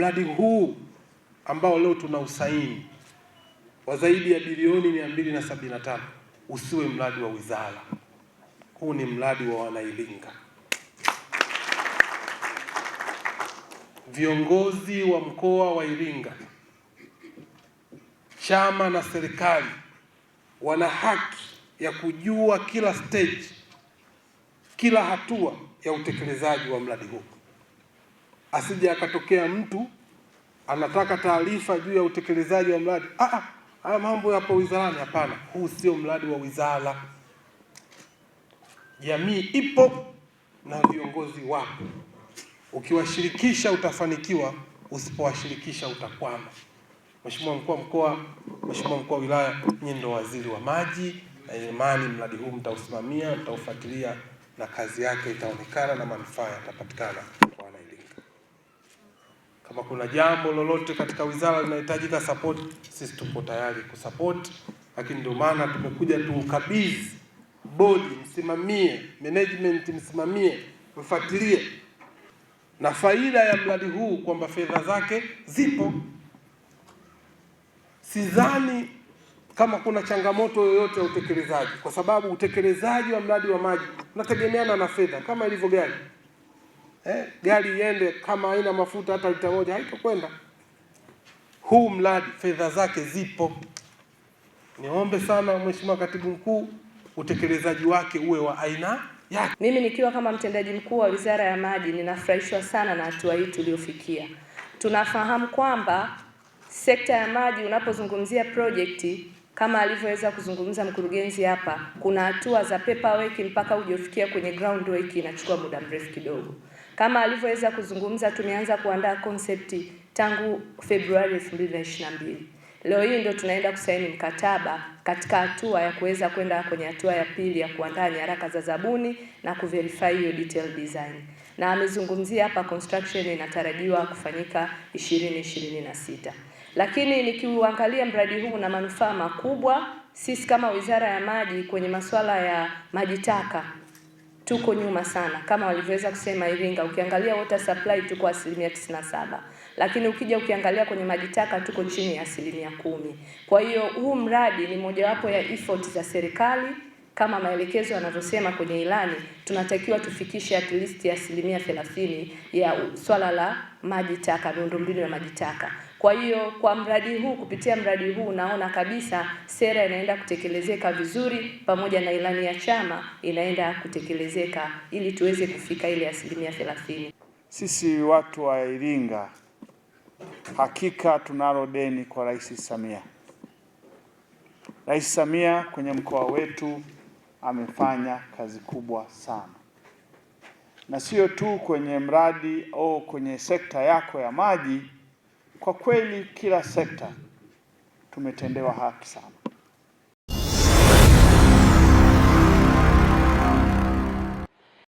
Mradi huu ambao leo tuna usaini wa zaidi ya bilioni mia mbili na sabini na tano usiwe mradi wa wizara. Huu ni mradi wa Wanairinga. Viongozi wa mkoa wa Iringa, chama na serikali wana haki ya kujua kila stage, kila hatua ya utekelezaji wa mradi huu asije akatokea mtu anataka taarifa juu ya utekelezaji wa mradi. Ah, ah, haya mambo yapo wizarani. Hapana, huu sio mradi wa wizara. Jamii ipo na viongozi wapo. Ukiwashirikisha utafanikiwa, usipowashirikisha utakwama. Mheshimiwa mkuu wa mkoa, Mheshimiwa mkuu wa wilaya, nyinyi ndio waziri wa maji, na imani mradi huu mtausimamia, mtaufuatilia na kazi yake itaonekana na manufaa yatapatikana. Kama kuna jambo lolote katika wizara linahitajika support, sisi tupo tayari kusupport, lakini ndio maana tumekuja tuukabidhi bodi, msimamie, management msimamie, mfuatilie, na faida ya mradi huu kwamba fedha zake zipo. Sidhani kama kuna changamoto yoyote ya utekelezaji, kwa sababu utekelezaji wa mradi wa maji unategemeana na fedha kama ilivyo gani eh, gari iende kama haina mafuta hata lita moja haitokwenda. Huu mradi fedha zake zipo. Niombe sana Mheshimiwa Katibu Mkuu, utekelezaji wake uwe wa aina yake. Mimi nikiwa kama mtendaji mkuu wa Wizara ya Maji ninafurahishwa sana na hatua hii tuliyofikia. Tunafahamu kwamba sekta ya maji unapozungumzia project kama alivyoweza kuzungumza mkurugenzi hapa, kuna hatua za paperwork mpaka hujafikia kwenye groundwork, inachukua muda mrefu kidogo. Kama alivyoweza kuzungumza, tumeanza kuandaa konsepti tangu Februari 2022. Leo hii ndio tunaenda kusaini mkataba katika hatua ya kuweza kwenda kwenye hatua ya pili ya kuandaa nyaraka za zabuni na kuverify hiyo detail design. Na amezungumzia hapa construction inatarajiwa kufanyika 2026. Lakini nikiuangalia mradi huu na manufaa makubwa sisi kama Wizara ya Maji kwenye masuala ya maji taka tuko nyuma sana, kama walivyoweza kusema Iringa. Ukiangalia water supply tuko asilimia 97 saba, lakini ukija ukiangalia kwenye maji taka tuko chini ya asilimia kumi. Kwa hiyo huu mradi ni mojawapo ya effort za serikali kama maelekezo yanavyosema kwenye ilani, tunatakiwa tufikishe at least asilimia 30 ya swala la maji taka, miundombinu ya maji taka. Kwa hiyo kwa mradi huu, kupitia mradi huu, unaona kabisa sera inaenda kutekelezeka vizuri, pamoja na ilani ya chama inaenda kutekelezeka ili tuweze kufika ile asilimia thelathini. Sisi watu wa Iringa hakika tunalo deni kwa Rais Samia. Rais Samia kwenye mkoa wetu amefanya kazi kubwa sana, na sio tu kwenye mradi au kwenye sekta yako ya maji kwa kweli kila sekta tumetendewa haki sana.